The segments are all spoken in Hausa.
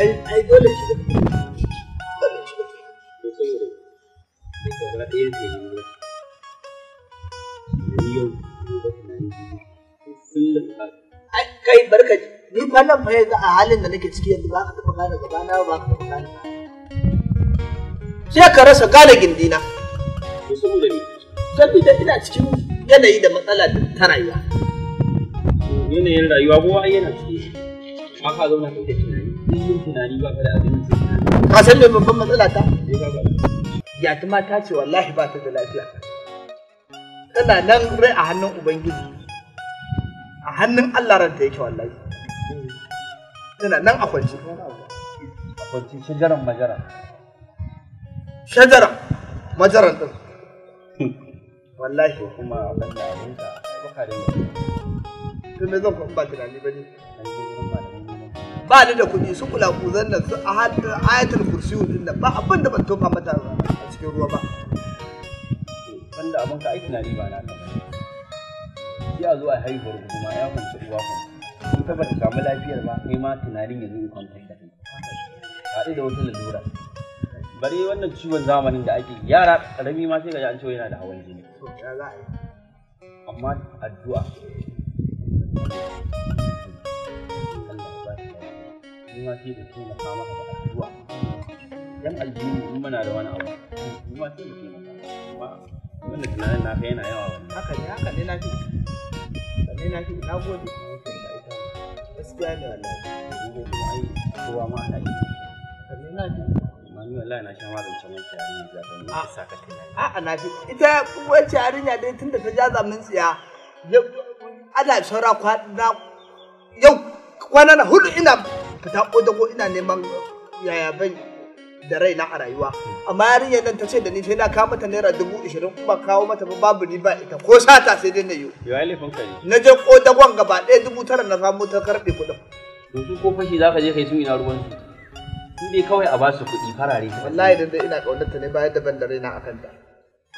ai ai dole ki da dole ki saboda ɗaya ke yi ba ni yau ni ba ai kai barka ni fa yanzu a halin da nake ciki yanzu ba ka taɓa gane gaba na ba ka taɓa gane sai ka rasa gane gindina ko saboda ni saboda ina cikin yanayi da matsala ta rayuwa yanayin rayuwa kowa yana ba ka zauna kai kullum tunani ba ka da abin da ka san me babban matsala ta ya tuma ta ce wallahi ba ta da lafiya tana nan rai a hannun ubangiji a hannun Allah ranta yake wallahi tana nan a kwance a kwance shajaran majara shajara majaran din wallahi kuma abin da abin ka baka da to me zan ba tunani bane ba ni da kuɗi su kula kuzan nan su a ayatul kursi din da ba abin da ban tofa mata a cikin ruwa ba banda abin ka aiki na ni ba na ka ya zo a haihuwar kuma ya kunci ruwa kun in ka bata samu lafiyar ba kai ma tunanin yanzu in kwanta da kai haɗu da wata lalura bare wannan ciwon zamanin da ake yara karami ma sai ga an cewa yana da hawan jini amma addu'a thank you kuma sai da taimaka maka da addu'a yan aljihu in muna da wani abu kuma sai da taimaka kuma wannan tunanin yana yawa wani haka ne haka ne na fi na fi na gode gaskiya ne wallahi kuma ai kowa ma yi na fi ni wallahi na sha yarinya da ban ah. sa ka na ita yarinya dai tunda ta ja zamin tsiya ana saura kwana yau kwana na hudu ina fita ko ina neman yaya bai da raina a rayuwa amma yarinya nan ta ce da ni sai na kawo mata naira dubu ishirin kuma kawo mata ba babu ni ba ita ko sata sai dai na yi yawa laifin ne na je ko gwan gaba ɗaya dubu tara na samu ta karɓe kuɗin yanzu ko fashi za ka je kai su ina ruwan su in dai kawai a basu kuɗi farare wallahi da ina kaunar ta ne bayan da ban da raina akan ta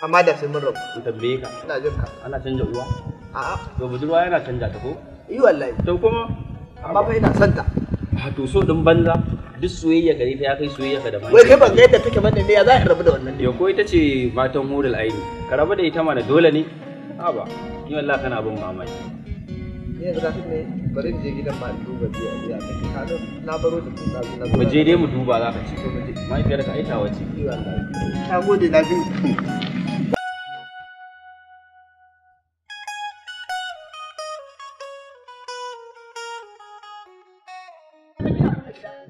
amma da sai mun rabu ku tambaye ka ina jin ka ana canja uwa a'a to budurwa yana canja ta ko yi wallahi to kuma amma fa ina son ta wato so din banza duk soyayya gare ta ya kai soyayya ka da wai kai ban kai da take bane ne ya za ka rabu da wannan ne ko ita ce matan hurul aini ka rabu da ita mana dole ne a ba ni wallahi kana bin mamaki ne yanzu ka ne bari je gidan ma duba je a biya kake ka na baro da kusa na mu je dai mu duba za ka ci da ka aita wace ta gode na biyu.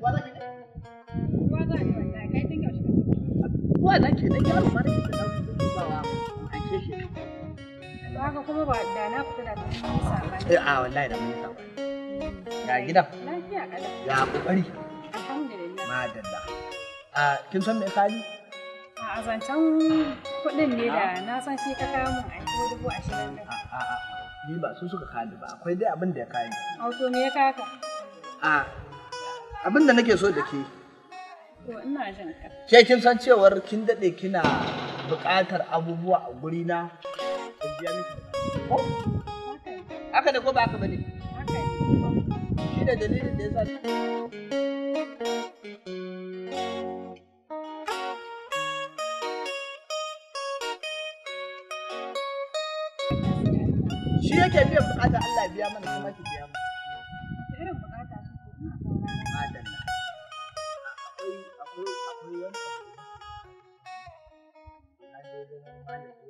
Uwa za ki dan yaro ma da kike dan dubawa a ce shi. kuma ba da na fita da mun yi sabani. Eh a wallahi da mun Ya gidan? Ya kokari. Alhamdulillah. Madalla. A kin san me kali? A zancen kuɗin ne da na san shi ka kawo mun aiki dubu ashirin da. A'a ni ba su suka kali ba akwai dai abin ya kali. Auto me ya kaka? abinda nake so da ke ke kin san cewar kin daɗe kina buƙatar abubuwa a guri na haka da ko ba haka bane shi da dalilin da ya sa shi yake biyan bukata Allah biya mana kuma ki biya mana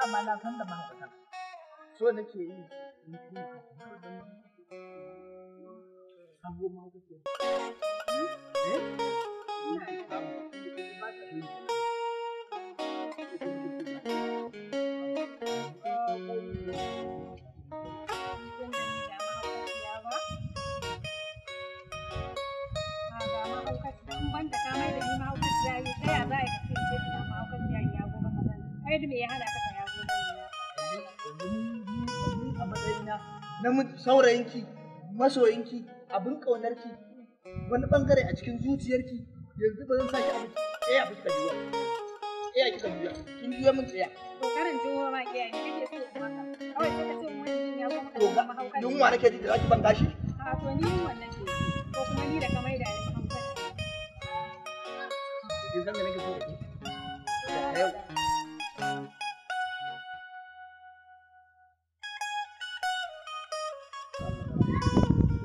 dama na san da mahaifata so nake yi in kuma sabo ma kuke eh ina ba yanzu a matsayina na saurayinki masoyinki abin ƙaunarki wani bangare a cikin zuciyarki yanzu ba zan sa ki a eh a fuska juya eh a kika juya kin juya min tsaya to karin jiwo ma ke yanzu kake so kuma kawai sai ka ce mun ya kuma to ga yunwa nake ji da zaki ban gashi a to ni yunwa nake ko kuma ni da kan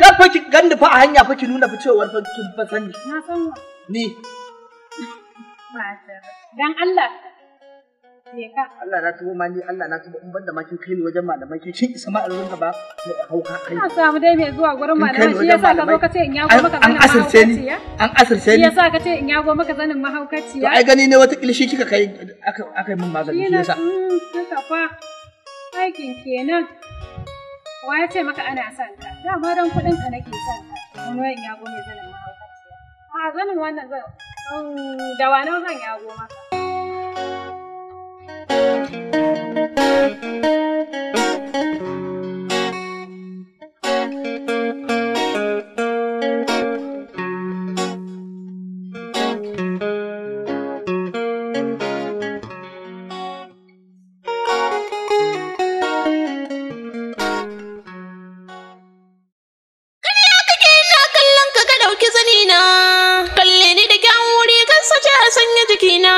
kar fa ki ganni fa a hanya fa ki nuna fa cewa fa kin fa sani na san wa ni dan Allah me ka Allah na tuba mani, Allah na tuba in ban ma kin kai ni wajen malamai kin kin isa ma ka ba mu hauka kai na samu dai mai zuwa gurin malamai shi yasa ka zo ka ce in yago maka zanin an asirce ni an asirce ni yasa ka ce in yago maka zanin mahaukaciya to ai gani ne wata kilishi kika kai aka aka min magani shi yasa yasa mm, fa aikin kenan wa ya ce maka ana son ka dama don kuɗin ka nake son wani wayan yago mai zanen mahaukaciya a zanen wannan zan da wani zan yago maka jikina.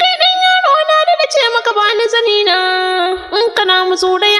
kai yaro na da ce maka ba ni zani na in kana mu